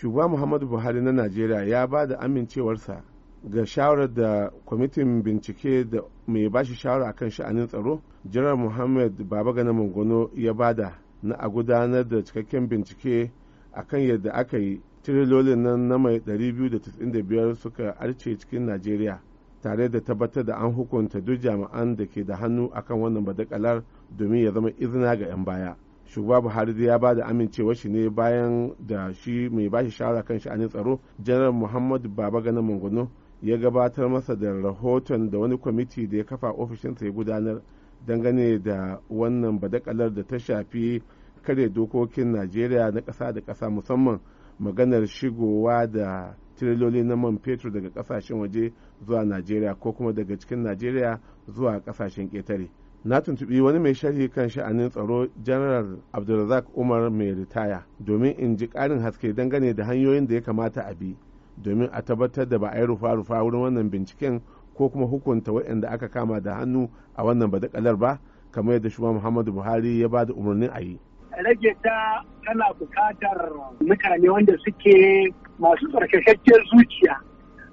shugaba muhammadu buhari na najeriya ya ba da amincewarsa ga shawarar da kwamitin bincike da mai bashi shawara akan sha'anin tsaro jiran muhammad babagana mangono ya bada na a gudanar da cikakken bincike akan yadda aka yi tirilolin nan na mai 295 suka arce cikin najeriya tare da tabbatar da an hukunta duk jami'an da ke da hannu akan wannan badakalar domin ya zama izina ga 'yan baya shugaba buhari ya ba da amincewa shi ne bayan da shi mai ba shi shawara kan sha'anin tsaro janar muhammadu babagana mangono ya gabatar masa da rahoton da wani kwamiti da ya kafa ofishinsa ya gudanar dangane da wannan badakalar da ta shafi kare dokokin najeriya na ƙasa da ƙasa musamman maganar shigowa da tiriloli na man fetur daga ƙasashen waje zuwa najeriya ko kuma daga cikin najeriya zuwa ƙasashen ketare. na tuntubi wani mai sharhi kan sha'anin tsaro janar abdulrazak umar mai ritaya domin in ji karin haske dangane da hanyoyin da ya kamata a bi domin a tabbatar da ba a yi rufa-rufa wurin wannan binciken ko kuma hukunta waɗanda aka kama da hannu a wannan badakalar ba kamar yadda shugaba muhammadu buhari ya ba da umarnin a yi ta tana buƙatar mutane wanda suke masu tsarkakakken zuciya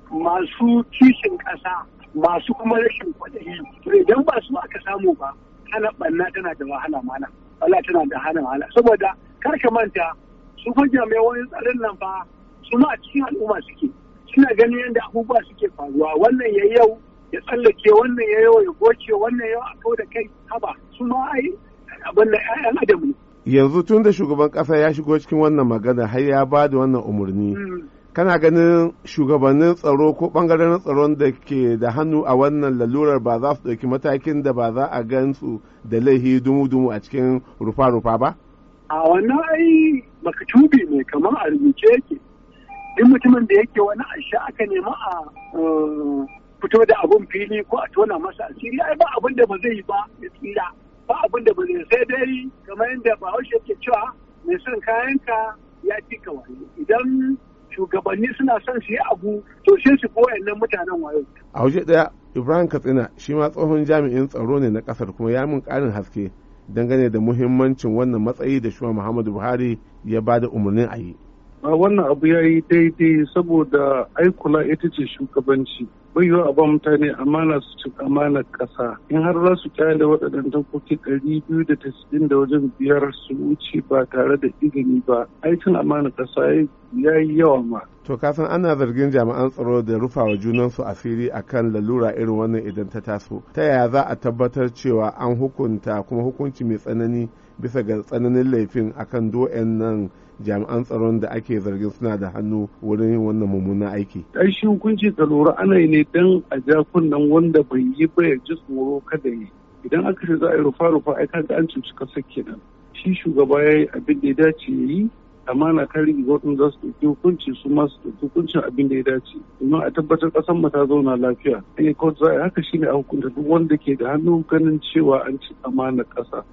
masu kishin ƙasa masu kuma rashin kwaɗayi to idan ba su aka samu ba ana ɓanna tana da wahala mana wala tana da hana wahala saboda kar ka manta su fa wani tsarin nan fa su ma a cikin al'umma suke suna ganin yadda abubuwa suke faruwa wannan ya yau ya tsallake wannan ya yau ya goce wannan yau a kau da kai haba su ma ai abin da 'ya'yan Adamu. yanzu tun da shugaban kasa ya shigo cikin wannan magana har ya ba da wannan umarni mm. kana ganin shugabannin tsaro ko bangaren tsaron da ke da hannu a wannan lalurar ba za su ɗauki matakin da ba za a gansu da laihi dumu-dumu a cikin rufa-rufa ba? a wannan ai baka tubi mai kamar a rubuce yake duk mutumin da yake wani ashe aka nema a eh, fito da abun fili ko a tona masa asiri ai ba abin da ba zai yi ba ya tsira ba abin da ba zai sai dai kamar yadda bahaushe ke cewa mai son kayanka ya ci ka wani idan shugabanni suna son su yi abu tushen sai su koyan nan mutanen wayo. A waje ɗaya Ibrahim Katsina shi ma tsohon jami'in tsaro ne na ƙasar kuma ya min ƙarin haske dangane da muhimmancin wannan matsayi da shuwa Muhammadu Buhari ya ba da umarnin a yi. a wannan abu ya yi daidai saboda aikula ita ce shugabanci baiwa a ba mutane amana su ci amana ƙasa in har za su kyale waɗannan dokoki ɗari biyu da tasirin da wajen biyar su wuce ba tare da izini ba aikin amana ƙasa ya yi yawa ma. to kasan ana zargin jami'an tsaro da rufawa junansu asiri akan lalura irin wannan idan ta taso ta yaya za a tabbatar cewa an hukunta kuma hukunci mai tsanani bisa ga tsananin laifin akan do'en nan jami'an tsaron da ake zargin suna da hannu wurin yin wannan mummunan aiki. Ai shi hukunci lura ana yi ne don a ja kunnen wanda bai yi ba ya ji tsoro kada yi. Idan aka ce za a yi rufa-rufa ai kaga an cuci kasar kenan. Shi shugaba ya yi abin da ya dace ya yi amana kan ga waɗin za su ɗauki hukunci su ma su ɗauki hukuncin abin da ya dace domin a tabbatar ƙasar mu ta zauna lafiya. Ɗaya kawai za a yi haka shi ne a hukunta duk wanda ke da hannu ganin cewa an ci amana ƙasa.